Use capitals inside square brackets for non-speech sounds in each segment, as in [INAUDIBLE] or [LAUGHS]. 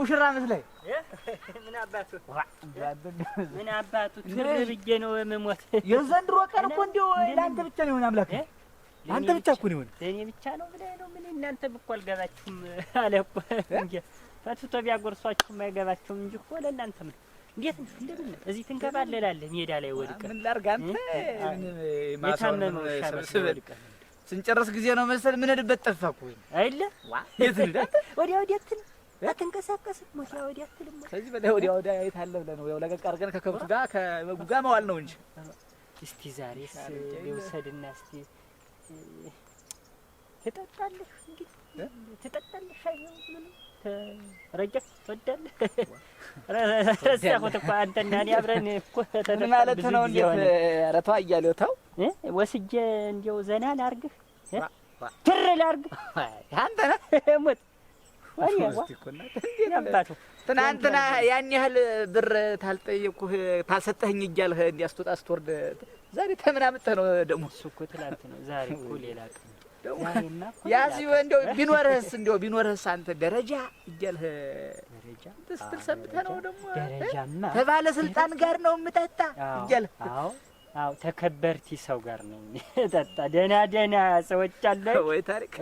ሙሽራ መስለህ ምን አባቱ ምን አባቱ ትርብ ብዬ ነው የምሞት። የዘንድሮ ቀን እኮ እንዲሁ ለአንተ ብቻ ነው የሆነ አምላክ አንተ ብቻ እኮ ነው የሆነ ለእኔ ብቻ ነው ብለህ ነው ምን እናንተ እኮ አልገባችሁም አለ እኮ ፈትቶ ቢያጎርሷችሁም አይገባችሁም እንጂ እኮ ለእናንተም ነው። እንዴት እንደምን እዚህ ትንከባለላለህ ለላለ ሜዳ ላይ ወድቀህ ምን ላድርግ አንተ የታመመው ወድቀህ ስንጨርስ ጊዜ ነው መሰል ምን ሄድበት ጠፋህ እኮ አይደል? ወዲያ ወዲያ እንትን አትንቀሳቀስም ወዲያ አትልም። ከዚህ በላይ ወዲያ ወዲያ ብለህ ነው ያው ለቀቅ አድርገን ከከብቱ ጋር ከበጉ ጋር መዋል ነው እንጂ እስቲ ልውሰድና እስቲ ትጠጣለህ፣ እንግዲህ ትጠጣለህ። ሻይ ትወዳለህ? ረሳሁት እኮ አንተና እኔ አብረን እኮ ምን ማለት ነው? እንዴት ኧረ ተው እያለሁ ተው ወስጄ ዘና ላርግህ፣ ትር ላርግህ። አንተ ነህ ሞት ትናንትና ያን ያህል ብር ታልጠየኩህ ታልሰጠኸኝ እያልህ እንዲያስቶጣ ስትወርድ ዛሬ ተምናምጠህ ነው ደግሞ እሱ እኮ ትላንት ነው። ዛሬ እኮ ሌላ ቀን ያዚ እንደው ቢኖርህስ እንደው ቢኖርህስ አንተ ደረጃ እያልህ ስትል ሰምተህ ነው ደግሞ ከባለስልጣን ጋር ነው የምጠጣ እያልህ አዎ ተከበርቲ ሰው ጋር ነው ጠጣ። ደህና ደህና ሰዎች አለ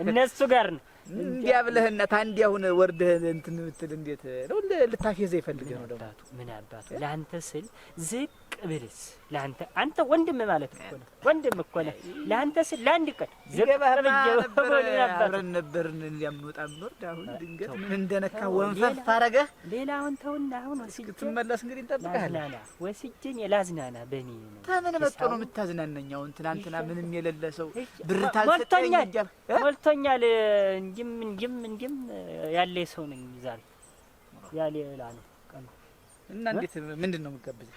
እነሱ ጋር ነው እንዲያ ብለህነት አንድ አሁን ወርደህ እንትን ምትል እንዴት ነው? ልታፌዘ ይፈልገ ነው ደግሞ ምን አባቱ ለአንተ ስል ዝቅ ብልስ ለአንተ አንተ ወንድም ማለት እኮ ነው። ወንድም እኮ ነህ። ለአንተ ስል ለአንድ ቀን ዝቅ ብለአብረን [LAUGHS] ነበርን እንዲያምንወጣ ምኖርድ አሁን ድንገት ምን እንደነካ ወንፈፍ አረገህ። ሌላ አሁን ተውና አሁን ትመለስ እንግዲህ እንጠብቃለን። ወስጄን የላዝናና በኔ ተምን መጥቶ ነው የምታዝናነኝ? አሁን ትናንትና ምንም የሌለ ሰው ብር ታልሰጠኝ ሞልቶኛል እንጂ እንጂም እንጂም እንጂም ያለ ሰው ነኝ ዛሬ ያለ ነው ቀን እና እንዴት ምንድን ነው የምትጋብዘኝ?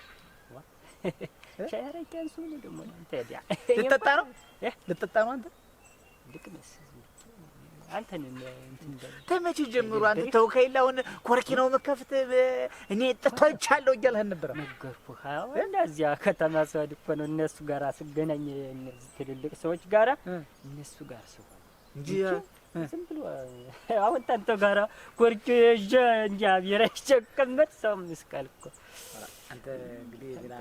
[LAUGHS] ሻይ አረቄ አንሱ ነው ደግሞ አንተ ያ ልጠጣ ነው ልጠጣ ነው አንተ [LAUGHS] ልቅመስ አንተ ተመቼ ጀምሮ አንተ ተው ከሌለ አሁን ኮርኪ ነው መከፍት እኔ ጥቶቻለሁ እያልህን ነበረ። ነገርኩህ። እና እዚያ ከተማ ስሄድ እኮ ነው እነሱ ጋር ስገናኝ እነዚህ ትልልቅ ሰዎች ጋራ እነሱ ጋር ሲሆን እንጂ ዝም ብሎ አሁን ታንተ ጋራ ጎርጆ የእዣ እንጂ አብሔራ ይጨቀመጥ ሰው ምስቃል እኮ አንተ እንግዲህ ሌላ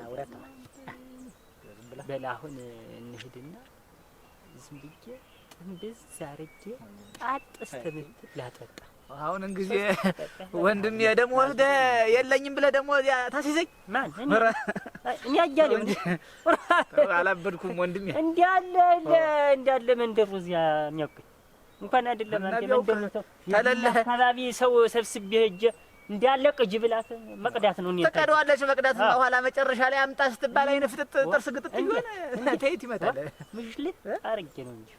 በላ አሁን እንሂድና ዝም ብዬ ጥንብዝ ጣጥ ላጠጣ አሁን እንግዲህ ደግሞ የለኝም ብለህ ደግሞ ታስይዘኝ ማን እኛ እያለ አላበድኩም ወንድሜ መንደሩ እዚያ የሚያውቀኝ እንኳን አይደለም አንተ የምደምተው አካባቢ ሰው ሰብስቤ ሂጅ እንዳለ ቅጅ ብላት መቅዳት ነው። እኔ ተቀደዋለች መቅዳት ነው። በኋላ መጨረሻ ላይ አምጣ ስትባል አይነ ፍጥጥ ጥርስ ግጥጥ ይሆን እንዴት ይመጣል? ምሽል አርጌ ነው እንጂ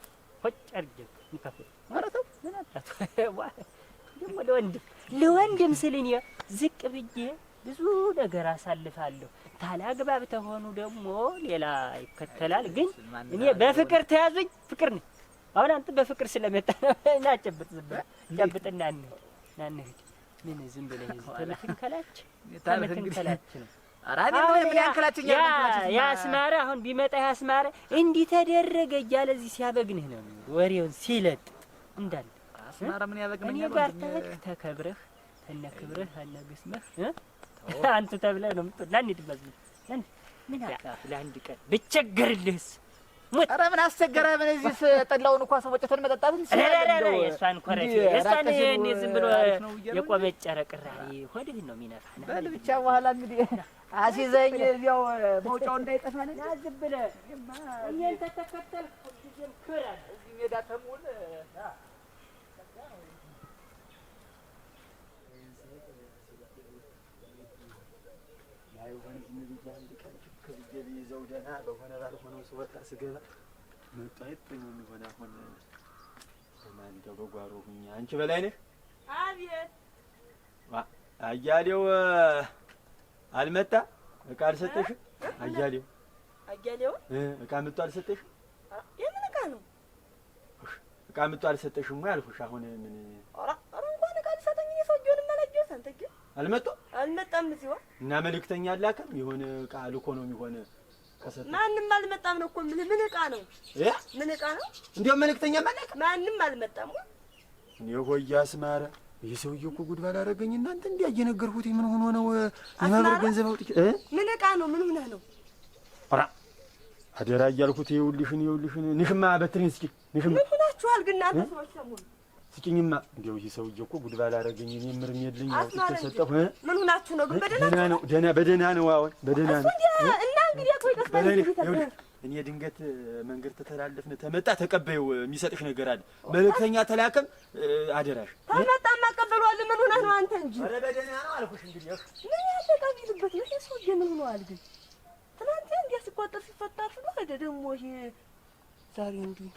ሆጭ አርጌ ይካፈ ማለት ነው። ምን አጣት [LAUGHS] ደግሞ ለወንድም ለወንድም ስል እኔ ዝቅ ብዬ ብዙ ነገር አሳልፋለሁ። ታላ ታላግባብ ተሆኑ ደግሞ ሌላ ይከተላል። ግን እኔ በፍቅር ተያዙኝ ፍቅር ነኝ አሁን አንተ በፍቅር ስለመጣ እና [LAUGHS] ጨብጥ ዝም ብለህ ጨብጥና እንሂድ። ምን ዝም ብለህ ተመትን [LAUGHS] ያስማረ አሁን ቢመጣ ያስማረ እንዲህ ተደረገ እያለ እዚህ ሲያበግንህ ነው ወሬውን ሲለጥ እንዳለ አስማረ ምን እኔ ጋር ተከብረህ አንተ ተብለህ ነው እንሂድ ምን ለአንድ ቀን ብቸገርልህስ ኧረ ምን አስቸገረ? ምን እዚህ ጠላውን እኮ ሰቦጨተን መጠጣት እንችላለን። የእሷን ኮረቴ የእሷን ዝም ብሎ የቆመች ጨረቅ ሆድህን ነው የሚነፋ። በል ብቻ በኋላ እንግዲህ አሲዘኝ እዚያው መውጫው እንዳይጠፋ ዝም ብለህ እኔን ተተከተልክ ጊዜም ክረን እዚህ ሜዳ ተሙል ብዬ ብይዘው ደህና በሆነ ባልሆነው ስወጣ ስገባ መጡ የሚሆን አሁን ማን እንደው በጓሮ አንቺ በላይ ነህ። አቤት አያሌው አልመጣ እቃ አያሌው አያሌው እቃ ምጡ የምን እቃ ነው? እቃ ምጡ አልሰጠሽም ወይ አልኩሽ። አሁን ምን ኧረ እንኳን እቃ ሊሰጠኝ ነው አልመጡም አልመጣም። ሲሆን እና መልእክተኛ አላከም የሆነ እቃ ልኮ ነው የሚሆነ ከሰጠ ማንም አልመጣም ነው እኮ ምን ምን እቃ ነው እያ ምን እቃ ነው? እንዲያውም መልእክተኛ ማለት ማንም አልመጣም ነው። የሆይ አስማረ ይህ ሰውዬ እኮ ጉድ ባላረገኝ እናንተ እንዲያ እየነገርኩት ምን ሆኖ ነው የማብራት ገንዘብ አውጥቼ እ ምን እቃ ነው? ምን ሆነህ ነው? ኧረ አደራ እያልኩት ይኸውልሽን፣ ይኸውልሽን ንሽማ በትሪን እስኪ ንሽማ ምን ሆናችኋል ግን እናንተ ሰዎች ሰሞኑን ስጭኝማ እንዲያው ይህ ሰውዬ እኮ ጉድ ባላረገኝ እኔ ምርም የለኝ። ተሰጠሁ። ምን ሁናችሁ ነው ግን? በደህና ነው፣ በደህና ነው። አሁን በደህና ነው። እና እንግዲህ አቶ እኔ ድንገት መንገድ ተተላለፍን ተመጣ ተቀበይው፣ የሚሰጥሽ ነገር አለ። መልእክተኛ ተላከም አደራሽ ተመጣ ማቀበሏል። ምን ሆነህ ነው አንተ እንጂ? ኧረ በደህና ነው አልኩሽ። እንግዲህ ምን ያለቃቢልበት ነው ሰው ምን ሆነዋል ግን? ትናንት እንዲያ ሲቆጠር ሲፈታፍ ነው ደግሞ ይሄ ዛሬ እንዲህ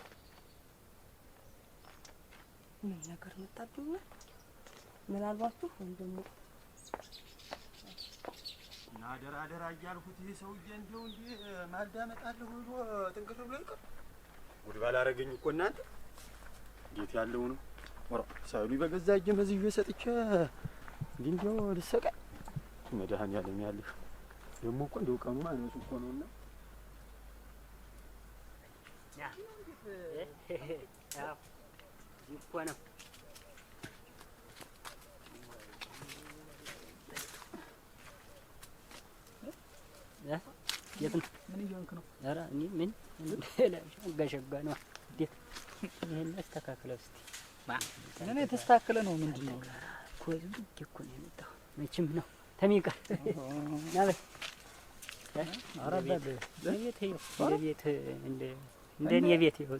ምን ነገር መጣብኝ? ምን አልባችሁ ወንድሙ እና አደራ አደራ እያልኩት ይሄ ሰውዬ እንደው እንዲህ ማዳመጣለሁ ብሎ ጥንቅር ብሎ ይቀር ጉድ ባላረገኝ እኮ እናንተ እንዴት ያለው ነው ወራ ሳይሉ በገዛ እጄ መዝዩ የሰጥቼ እንዲህ እንዲያው ልሰቀል መድኃኒዓለም ያለሽ ደግሞ እኮ እንደው ቀኑ ማነሱ እኮ ነው እና ያ ያ እኮ ነው። ምን እየሆንክ ነው? ኧረ እኔ ምን ገሸጋ ነው። እንዴት ይሄን አስተካክለው እስኪ። ምን የተስተካከለ ነው? ምንድን ነው እኮ ዝም እኮ ነው የመጣሁት። መቼም ነው ተሚቀር ና በይ ኧረ በል ቤት እንደ እኔ ቤት ይኸው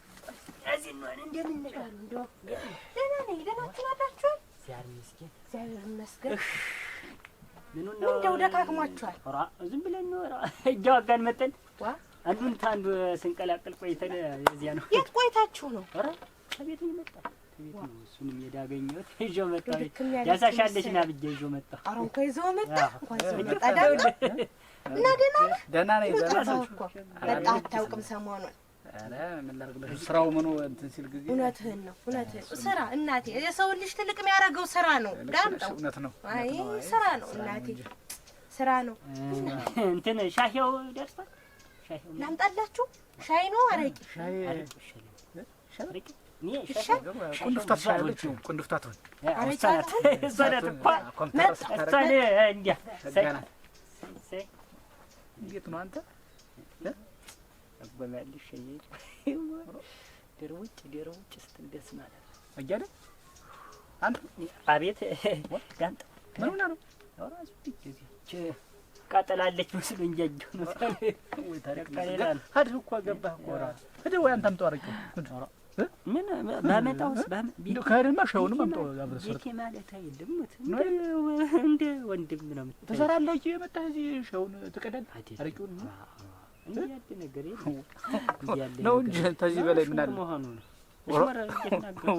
እዚህ እንደው ደህና ዝም ብለን ነው እያዋጋን መጠን አንዱን ታንዱ ስንቀላቅል ቆይተን የዚያ ነው። የት ቆይታችሁ ነው? ኧረ ከቤት ነው የመጣሁ ከቤት ነው። እሱንም ሄድ ይዤው መጣሁ። ያሳሻለሽ ና ብዬሽ ይዤው መጣሁ። ኧረ እንኳን ይዘው መጣ እንኳን ይዘው መጣ። ዳና እና ደህና ነህ? ደህና ነኝ። ደህና እኮ በቃ አታውቅም ሰሞኑን ስራው ምኑ እንትን ሲል ጊዜ እውነትህን ነው፣ እውነትህን ስራ እናቴ። የሰው ልጅ ትልቅ የሚያደርገው ስራ ነው። ዳምጠው እውነት ነው። አይ ስራ ነው እናቴ፣ ስራ ነው። እንትን ሻሄው ደርሷል። ላምጣላችሁ? ሻይ ነው አረቂ? ያጎማልሽ ሸየጭ ደርውጭ ደርውጭ ስትል ደስ ማለት ነው። አያደ አንተ አቤት ጋንጥ ምን ሆና ነው? ራሱ ቢገዜ ቃጠላለች መስሎ እንጂ ነው። እኮ ገባህ እኮ ሂድ ወይ አንተም ተዋረቀው ምን ባመጣውስ ከህድማ ሻውን መምጠው ቤቴ ማለት አይደለም። እንደ ወንድም ነው የምትሰራለህ። የመጣህ እዚህ ሻውን ትቀዳለህ አረቂውን ነው እንጂ ከዚህ በላይ ምን አለ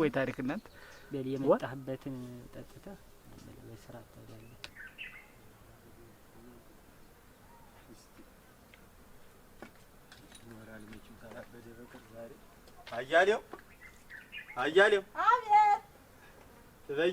ወይ? ታሪክ እናንተ በል የመጣህበትን ጠጥተህ በስራ ታዛለህ። አያሌው አያሌው፣ አቤት ትበይ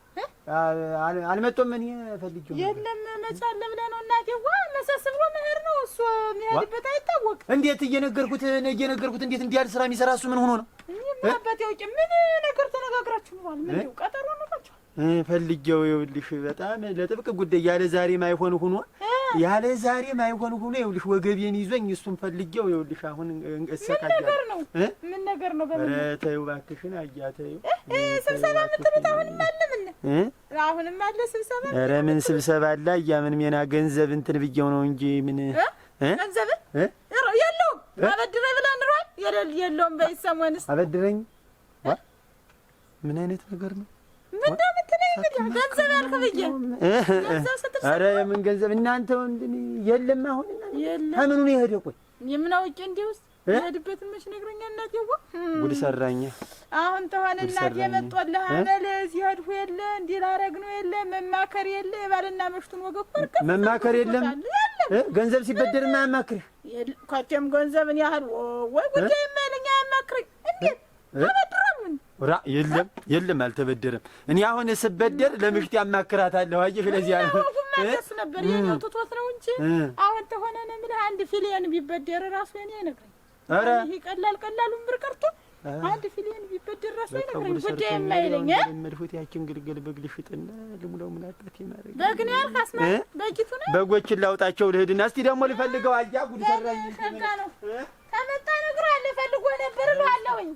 አልመጡም። እኔ ፈልጌው የለም መጫለ ብለህ ነው መሄድ ነው እሱ የሚሄድበት እንዴት እየነገርኩት እየነገርኩት እንዴት ስራ የሚሰራ እሱ ምን ሆኖ ነው? እኔ ምን ነገር ተነጋግራችሁ ነው? ምን ቀጠሮ ነው ፈልጌው ይኸውልሽ፣ በጣም ለጥብቅ ጉዳይ ያለ ዛሬ ማይሆን ሆኖ ያለ ዛሬ ማይሆን ሆኖ ይኸውልሽ፣ ወገቤን ይዞኝ እሱን ፈልጌው ይኸውልሽ፣ አሁን እንሰቃያለሁ። ምን ነገር ነው? ምን ነገር ነው? ተይው እባክሽን፣ አያ ተይው። ስብሰባ የምትሉት አሁንም አለ? ምን አሁንም አለ ስብሰባ? ኧረ ምን ስብሰባ አለ? አያ ምን ሜና ገንዘብ እንትን ብዬው ነው እንጂ ምን ገንዘብ የለውም። አበድረኝ ብላ ኑሯል የለውም። በይ ሰሞንስ አበድረኝ። ምን አይነት ነገር ነው? ገንዘብ ያልክ ብዬ ኧረ የምን ገንዘብ እናንተ ወንድ የለም። አሁን ከምኑ ነው የሄደ? ቆይ የምን አውቄ እንዲህ ውስጥ የሄድበትን መች ነግረኛ እናቴዋ ጉድ ሰራኛ። አሁን ተሆነ እናቴ መጦልህ አመል ሲሄድሁ የለ እንዲህ ላረግ ነው የለ መማከር የለ ባልና መሽቱን ወገብ ወርቅ መማከር የለም። ገንዘብ ሲበደር ማ ያማክርህ ገንዘብን ያህል ወይ ጉዳይ የማይለኝ አያማክርኝ እንዴት ተበድሮ የለም የለም፣ አልተበደረም። እኔ አሁን ስበደር ለምሽት ያማክራታለሁ። አየህ፣ ለዚህ ያለ ሁሉም ነበር የኛው ትቶት ነው እንጂ አሁን ተሆነ ነው የምልህ። አንድ ፊሊየን ቢበደር ራሱ እኔ አይነግረኝ። ኧረ ይሄ ቀላል ቀላሉን ብር ቀርቶ አንድ ፊሊየን ቢበደር ራሱ አይነግረኝ። ጉዳይ የማይለኝ መድፉት ያችን ግልግል በግል ሽጥና ልሙላው ምን አጣት ይማረኝ። በግን ያልካስማ በጊቱ ነው በጎችን ላውጣቸው ልሂድና እስቲ ደግሞ ልፈልገው። አያ ጉድ ሰራኝ። ከመጣ ነግሮ አለ ፈልጎ ነበር እልሃለሁኝ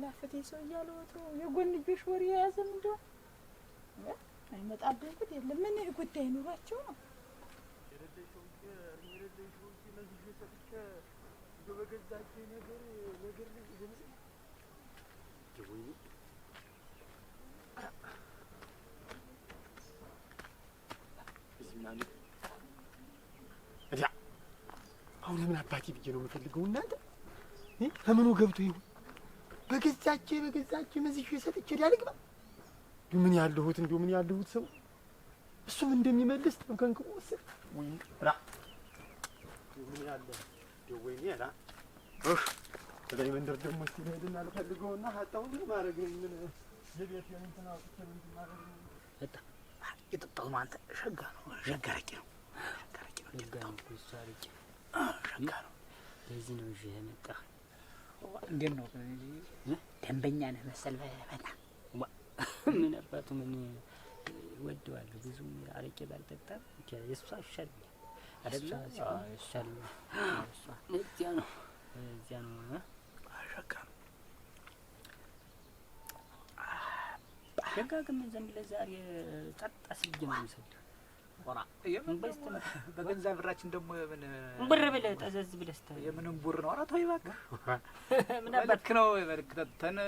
የሚያላፍት ሰው እያለ ወትሮ የጎን ወሬ የያዘም እንደው አይመጣብን ጉድ የለም። ምን ጉዳይ ኑሯቸው ነው አሁን ለምን አባቴ ብዬ ነው የምፈልገው እናንተ ከምኑ ገብቶ ይሁን በገዛቼ በገዛቼ መዝሽ ሰጥቼ ዳልግባ ምን ያለሁት እንዲሁ ምን ያለሁት ሰው እሱም እንደሚመልስ ጠንከንክቦ ወሰድ ወይ ራ ምን ያለ ወይኔ ራ በላይ መንደር ደግሞ እስቲ ሄድና ልፈልገውና ሀጣውን ምን ማድረግ ምን የቤት የምንትና ምንትን ማድረግ የጠጣሁት አንተ ሸጋ ነው ሸጋ ረቂ ነው ሸጋ ረቂ ነው ሸጋ ነው ሸጋ ነው ለዚህ ነው ይዤ የመጣህ እንዴት ነው ደንበኛ ነህ መሰል? በጣም ምን አባቱ ምን ወደዋለሁ። አረቄ ባልጠጣ የእሷ ይሻለኛል እዚያ ነው እዚያ ነው ግን ዘንድ ለዛሬ ጠጣ ስልጅ ነው የሚሰደው በገንዘብ ብራችን ደግሞ የምን እምቡር ብለህ ጠዘዝ ብለህ ስታይ የምን ነው? ኧረ ተወው እባክህ። [LAUGHS] ምን አባት ነው? ነው። መልክተተን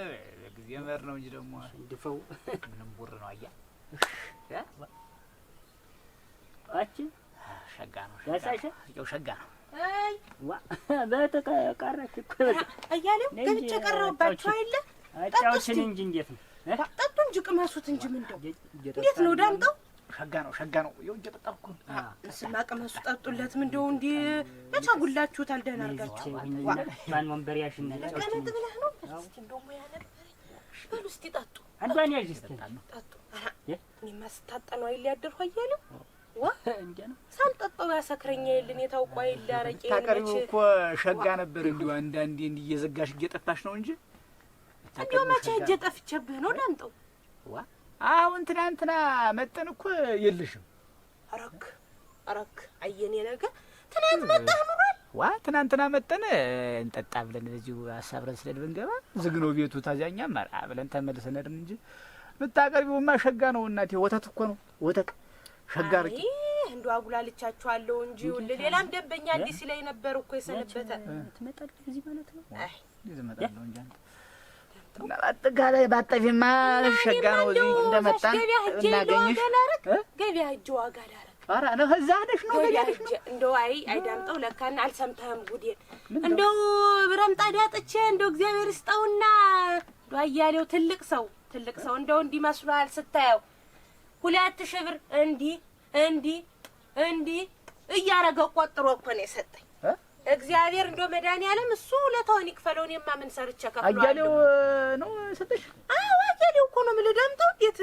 ጊዜ መር ነው እንጂ ደግሞ ድፈው [LAUGHS] ምን እምቡር ነው? አያ አቺ ሸጋ ነው ያው ሸጋ ነው። አይ ዋ በተቀረሽ እያለው ገብቼ ቀረሁባችሁ አይደለ? አጫውችን እንጂ እንዴት ነው? ጠጡ እንጂ ቅመሱት እንጂ ምን እንደው እንዴት ነው ዳምጠው ሸጋ ነው ሸጋ ነው። የውጭ ቅጠል እኮ ቅመሱ ጠጡለትም እንደው እንዲ ተቻጉላችሁታል። ደህና አርጋችሁ ማን ወንበር ያሽነ ቀመጥ ብለህ ነው እስቲ እንደው ሙያ ነበር በሉ እስቲ ጠጡ። አንዷን ያዥ እስቲ ጠጡ። እኔማ ስታጣ ነው አይደል ያደርኩ እያለ ሳልጠጣው ያሰክረኛ የለን የታውቋ የለ አረቄ ታቀሪው እኮ ሸጋ ነበር። እንዲሁ አንዳንዴ እንዲህ እየዘጋሽ እየጠጣሽ ነው እንጂ እንዲሁ መቼ እጄ ጠፍቼብህ ነው ዳምጠው ዋ አሁን ትናንትና መጠን እኮ የለሽም። አረክ አረክ አየኔ ነገር ትናንት መጣህ ኑሯል። ዋ ትናንትና መጠን እንጠጣ ብለን በዚሁ አሳብረን ስለን ብንገባ ዝግ ነው ቤቱ። ታዚያኛም ብለን ተመልሰን ሄድን እንጂ የምታቀርቢውማ ሸጋ ነው እናቴ። ወተት እኮ ነው ወተት ሸጋ ርቂ እንዶ አጉላልቻችኋለሁ እንጂ ውል ሌላም ደንበኛ እንዲህ ሲለኝ ነበር እኮ የሰነበተ ትመጣለህ እዚህ ማለት ነው። አይ እንዴት እመጣለሁ እንጂ አንተ አጠቃላይ ባጠፊማ ሸጋ ነው። እዚህ እንደመጣን እናገኝሽ ገቢያ እጅ ዋጋ ዳረግ ኧረ ነው እዛ ነሽ ነው ገቢያ እንደው አይ አይዳምጠው አልሰምተህም ጉዴን። እንደው እንደው እግዚአብሔር አያሌው ትልቅ ሰው ትልቅ ሰው እንደው እንዲህ ስታየው ሁለት ሺህ ብር እንዲህ እንዲህ እንዲህ እያረገ ቆጥሮ እኮ ነው የሰጠኝ እግዚአብሔር መዳን ያለም እሱ ለተውን ይክፈለውን የማምን ሰርቼ ከፍሏል። አያሌው ነው ሰጠሽ? አዎ አያሌው እኮ ነው የምልህ። ዳምጠው እንዴት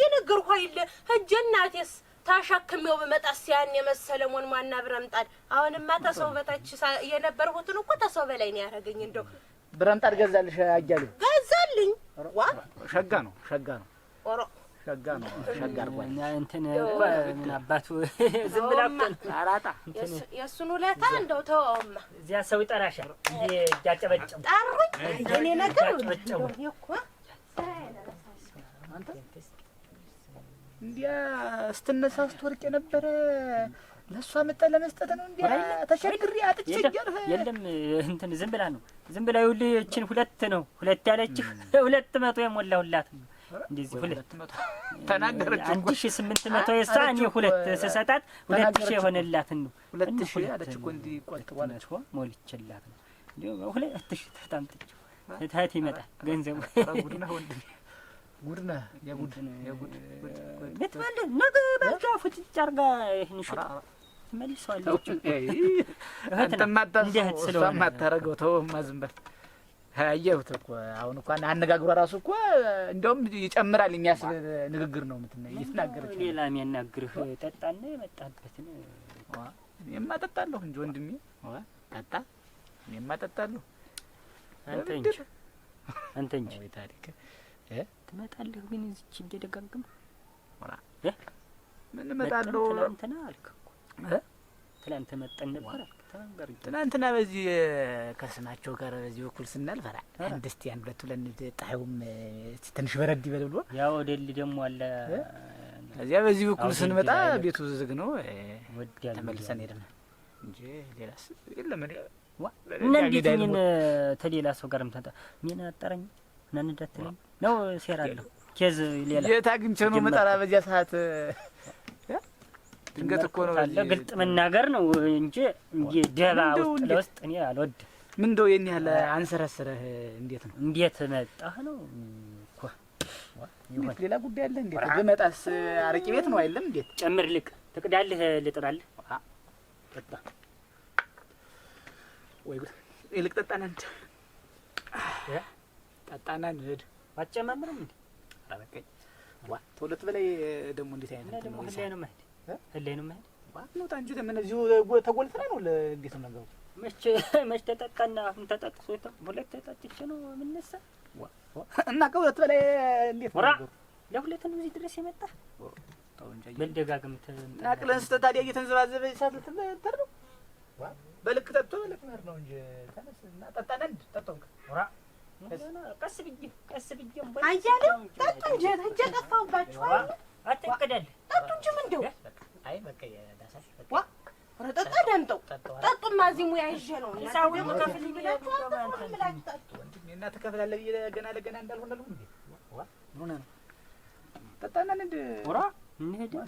የነገርኩህ አይደለ? ሂጅ እናቴስ ታሻክሜው ብመጣስ ያን የመሰለ ሞን ማና ብረምጣድ። አሁንማ ተሰው በታች የነበርሁትን እኮ ተሰው በላይ ነው ያደረገኝ። እንደው ብረምጣድ ገዛልሽ? አያሌው ገዛልኝ። ዋ ሸጋ ነው ሸጋ ነው ኦሮ ሸጋ ነው። ሸጋ አድርጓል። እንትን ምን አባቱ [LAUGHS] ዝም ብላ አራጣ የእሱን ውለታ እንደው ተወውማ። እዚያ ሰው ይጠራሻል። እያጨበጨቡ ጠሩኝ። እኔ ነገር እንዲያ ስትነሳ ስትወርቅ የነበረ ለእሷ መጣ ለመስጠት ነው። እንዲያ ተሸግሪ አጥቼ የለም እንትን ዝም ብላ ነው። ዝም ብላ ይኸውልህ፣ ይህችን ሁለት ነው ሁለት ያለችህ [LAUGHS] ሁለት መቶ የሞላሁላት ነው እንደዚህ ሁለት ተናገረች። አንድ ሺ ስምንት መቶ የእሷ እኔ ሁለት ስሰጣት ሁለት ሺ የሆነላትን ነው ሁለት ሺ አለች እኮ እንዲህ እኮ ሞልቼላት ነው እንዲሁ ሁለት ሺ ይመጣል ገንዘቡ ጉድ ነህ የጉድ የጉድ ቤት ባለ ነገ ባልጋ ፉጭጭ አድርጋ ይህን ሽጥ ትመልሰዋለች። እህት ነው እንደ ስለሆነ ማታረገው ተወው፣ ማ አየሁት እኮ አሁን እኮ አነጋግሯ ራሱ እኮ እንደውም ይጨምራል የሚያስብል ንግግር ነው ምትን እየተናገረች። ሌላ የሚያናግርህ ጠጣና የመጣበት እኔማ ጠጣለሁ እንጂ ወንድሜ ጠጣ፣ እኔማ ጠጣለሁ። አንተ እንጂ አንተ እንጂ ታሪክ ትመጣለህ ግን እዚች እንደደጋግም ምን እመጣለሁ። ትላንትና አልክ እኮ ትላንት መጠን ነበር አልክ ትናንትና በዚህ ከስማቸው ጋር በዚህ በኩል ስናልፈራ አንድ እስቲ አንድ ሁለት ብለን ጣዩም ትንሽ በረድ ይበል ብሎ ያው ደል ደግሞ አለ። ከዚያ በዚህ በኩል ስንመጣ ቤቱ ዝግ ነው። ተመልሰን ሄድን እንጂ ሌላስ የለም። እና እንዴት እኔን ተሌላ ሰው ጋር ምታጣ እኔን አጠረኝ እና እንዳትለኝ ነው ሴራ ኬዝ ሌላ የት አግኝቼ ነው መጠራ በዚያ ሰዓት ድንገት እኮ ነው ግልጥ መናገር ነው እንጂ እንጂ ደባ ውስጥ ለውስጥ እኔ አልወድ ምን እንደው የኔ ያለ አንሰረስረህ እንዴት ነው እንዴት መጣህ ነው እኮ እንዴት ሌላ ጉዳይ አለ እንዴት ብመጣስ አረቂ ቤት ነው አይደለም እንዴት ጨምር ልክ ትቅዳለህ ልጥራለህ ጠጣ ወይ ጉድ ይልቅ ጠጣና እንድ ጠጣና እንድ አትጨማምርም እንዴ አረቀኝ ዋ ተሁለት በላይ ደግሞ እንዴት አይነት ነው ነው ማለት ህሌ ነው መሄድ ባትመጣ እንጂ እዚሁ ተጎልተና ነው። እንዴት ነው ነገሩ? መቼ [LAUGHS] መቼ ተጠቃና አሁን ተጠቅሶ ሁለት ተጠጥቼ ነው የምነሳ እና ከሁለት በላይ እንዴት ነው ለሁለት ነው እዚህ ድረስ የመጣ መደጋግም ናቅለን ስተ ታዲያ እየተንዘባዘበ ሳት ልትንተር ነው በልክ ጠጥቶ በልክ መር ነው እንጂ ተነስ እና ጠጣ ነድ ጠጣው ራ ቀስ ብዬ ቀስ ብዬ አያሌው ጠጡ እንጂ እጄ ጠፋሁባችሁ አይደል? አትንቅደል ጠጡ እንጂ ምንድው አይ በቃ ያዳሳሽ በቃ ኧረ ጠጣ ጠጡማ እዚህ ሙያ ይዤ ነው እና ትከፍላለህ ብዬ ገና ለገና እንዳልሆነ ልሁን እንዴ ሆነ ነው ጠጣና ንድ ራ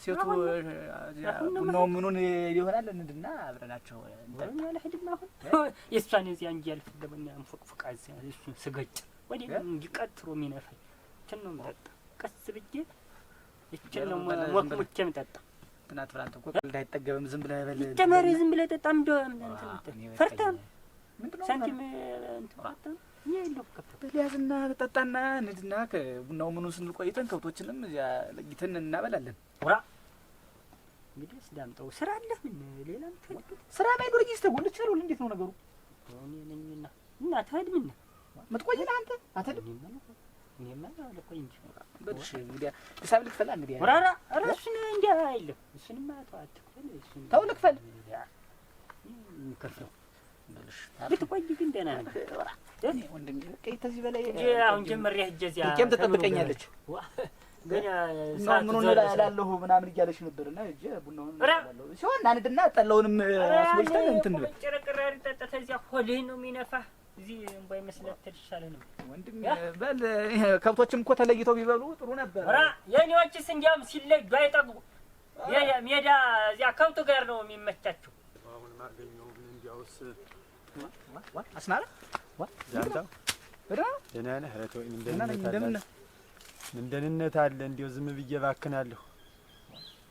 ሴቱ ቡናውን ምኑን ይሆናል እንድና አብረናቸው የእሷን እዚያ እንጂ ያልፍ ለመና ፎቅፎቃ እሱን ስገጭ ወዲህ እንዲቀጥሮ የሚነፋኝ ትን ነው ምጠጣ ቀስ ብዬ ይችን ነው ሞክሙቼ ምጠጣ ትናንት ፍራንት እኮ ቀልድ አይጠገብም። ዝም ብለህ በል ጨመሪ፣ ዝም ብለህ ጠጣ። ፈርተህ ሳንቲም በሊያዝና ጠጣና ንድና ከቡናው ምኑ ስንል ቆይተን ከብቶችንም እዚያ ለይተን እናበላለን። ራ እንግዲህ ስዳምጠው ስራ አለ ምን ሌላ ስራ ጊዜ እንዴት ነው ነገሩ? እና አንተ እኔማ አለኮኝ ምናምን እያለች ነበር እና ሂጅ ቡናውን ሲሆን አንድና ጠላውንም አስቦጭተን እንትን ነው የሚነፋ እዚህ እንኳን መስለት ትልሻለህ ነው ወንድም። በል ከብቶችም እኮ ተለይተው ቢበሉ ጥሩ ነበር። ኧረ የኔዎችስ እንዲያውም ሲለዩ አይጠጉ ሜዳ እዚያ ከብቱ ጋር ነው የሚመቻቸው። አሁን ማገኘው ደህና ነህ? ኧረ ተወኝ። ምን ደህንነት አለ? እንዲያው ዝም ብዬ ባክናለሁ።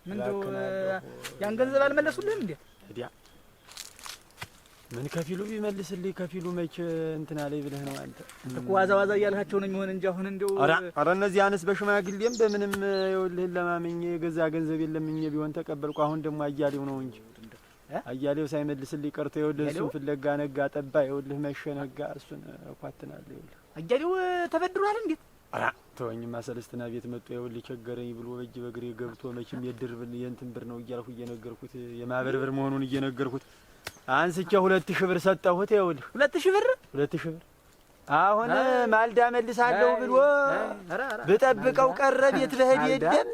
ምን ያን ገንዘብ አልመለሱልህም እንዴ? ምን ከፊሉ ቢመልስልኝ ከፊሉ መቼ እንትና ላይ ብለህ ነው አንተ እኮ ዋዛ ዋዛ እያልካቸው ነው የሚሆን እንጂ አሁን እንደው ኧረ ኧረ እነዚህ አነስ በሽማግሌም በምንም ይኸውልህን ለማመኘ የገዛ ገንዘብ የለምኝ ቢሆን ተቀበልኩ። አሁን ደግሞ አያሌው ነው እንጂ አያሌው ሳይመልስልኝ ቀርቶ ይኸውልህ እሱን ፍለጋ ነጋ ጠባ ይኸውልህ መሸ ነጋ እሱን እኳትናለሁ ይኸውልህ አያሌው ተበድሯል እንዴት ኧረ ተወኝማ ሰለስትና ቤት መጡ ይኸውልህ ቸገረኝ ብሎ በእጅ በእግሬ ገብቶ መቼም የድርብን የእንትን ብር ነው እያልኩ እየነገርኩት የማህበር ብር መሆኑን እየነገርኩት አንስቼ ሁለት ሺህ ብር ሰጠሁት። ይኸውልህ ሁለት ሺህ ብር ሁለት ሺህ ብር አሁን ማልዳ መልሳለሁ ብሎ ብጠብቀው ቀረ ቤት ልሄድ የለም።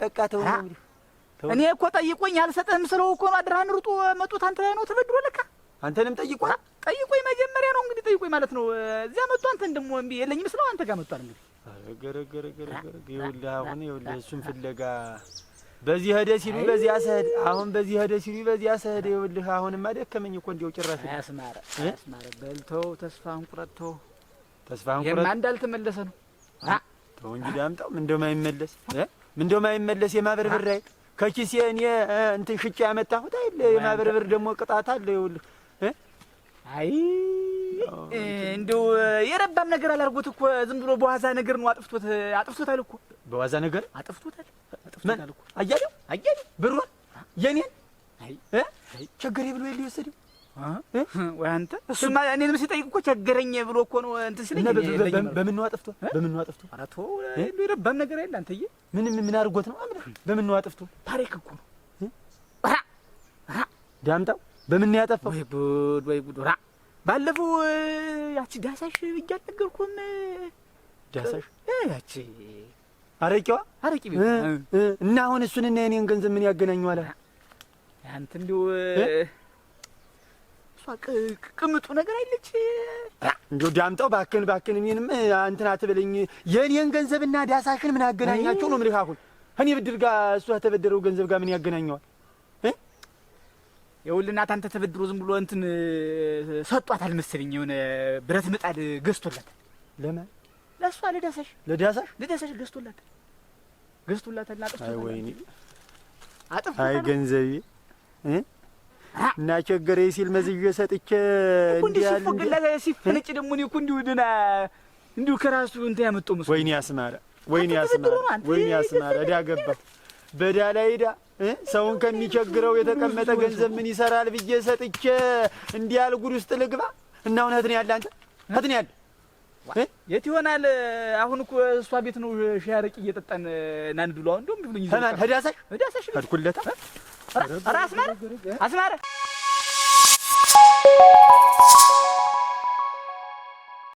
በቃ ተው ነው እኔ እኮ ጠይቆኝ አልሰጥህም ስለው እኮ ነው አድራህን ሩጡ መጡት አንተ ነው ተበድሮ ለካ አንተንም ጠይቋል። ጠይቆኝ መጀመሪያ ነው እንግዲህ ጠይቆኝ ማለት ነው እዚያ መጡ አንተን ደግሞ እምቢ የለኝም ስለው አንተ ጋር መጥቷል። እንግዲህ ገረገረገረገረ ይኸውልህ አሁን ይኸውልህ እሱን ፍለጋ በዚህ ሄደ ሲሉ በዚህ ሰህድ አሁን በዚህ ሄደ ሲሉ በዚህ ሰህድ ይኸውልህ፣ አሁንማ ደከመኝ እኮ እንዲያው ጭራሽ አያስማረ አያስማረ በልተው ተስፋህን ቁረጥተው ተስፋህን ቁረጥ የማ እንዳልተመለሰ ነው። ተው እንጂ ዳምጣው ምን እንደው ማይመለስ ምን እንደው ማይመለስ የማበርብራይ ከኪሴ እኔ እንትን ሽጬ ያመጣሁት አይደል የማበርብር ደግሞ ቅጣት አለ ይኸውልህ። አይ እንደው የረባም ነገር አላርጎት እኮ ዝም ብሎ በዋዛ ነገር ነው አጥፍቶት አጥፍቶታል እኮ በዋዛ ነገር አጥፍቶታል አጥፍቶታል እኮ አያሌው አያሌው ብሯን የኔን አይ አይ ቸገሬ ብሎ የለ የወሰደው ወይ አንተ እሱማ እኔንም ሲጠይቅ እኮ ቸገረኝ ብሎ እኮ ነው እንትን ሲለኝ በምን ነው አጥፍቶ በምን ነው አጥፍቶ ኧረ ተው የረባም ነገር አይደል አንተዬ ምንም ምን አድርጎት ነው አምላክ በምን ነው አጥፍቶ ታሪክ እኮ ነው ዳምጣው በምን ነው ያጠፋው ወይ ጉድ ወይ ጉድ ባለፈው ያቺ ዳሳሽ ብዬሽ አልነገርኩም? ዳሳሽ ያቺ አረቂዋ አረቂ ቤት እና አሁን እሱንና የኔን ገንዘብ ምን ያገናኘዋል? አንተ እንዲሁ ቅምጡ ነገር አይለች እንዲሁ ዳምጠው ባክን ባክን እኔንም አንተን አትበለኝ። የኔን ገንዘብና ዳሳሽን ምን ያገናኛቸው ነው የምልህ። አሁን እኔ ብድር ጋር እሱ ገንዘብ ጋር ምን ያገናኘዋል? ይኸውልህ እናት አንተ ተበድሮ ዝም ብሎ እንትን ሰጧታል መሰለኝ የሆነ ብረት ምጣድ ገዝቶላታል። ለማን? ለእሷ ልዳሳሽ ልዳሳሽ ልዳሳሽ ገዝቶላታል ገዝቶላታል። አይ ወይኔ አጥፍቶ አይ ገንዘቤ እ እና ቸገረኝ ሲል መዝዬ ሰጥቼ እንዲያል እንዲ ሲፈነጭ ደግሞ እኔ እኮ እንዲሁ ድና እንዲሁ ከራሱ እንትን ያመጣው መስሎኝ ወይኔ አስማራ ወይኔ አስማራ ወይኔ አስማራ እዳ ገባ በዳ ላይ እዳ ሰውን ከሚቸግረው የተቀመጠ ገንዘብ ምን ይሰራል ብዬ ሰጥቼ እንዲህ አልጉድ ውስጥ ልግባ እና አሁን እህት ነው ያለ አንተ እህት ነው ያለ የት ይሆናል? አሁን እኮ እሷ ቤት ነው ሻርቅ አረቂ እየጠጣን ናን ብሎ አሁን እንደውም ብሎኝ ይዘናል። ህዳሳሽ ህዳሳሽ ሄድኩለታ ኧረ አስማረ አስማረ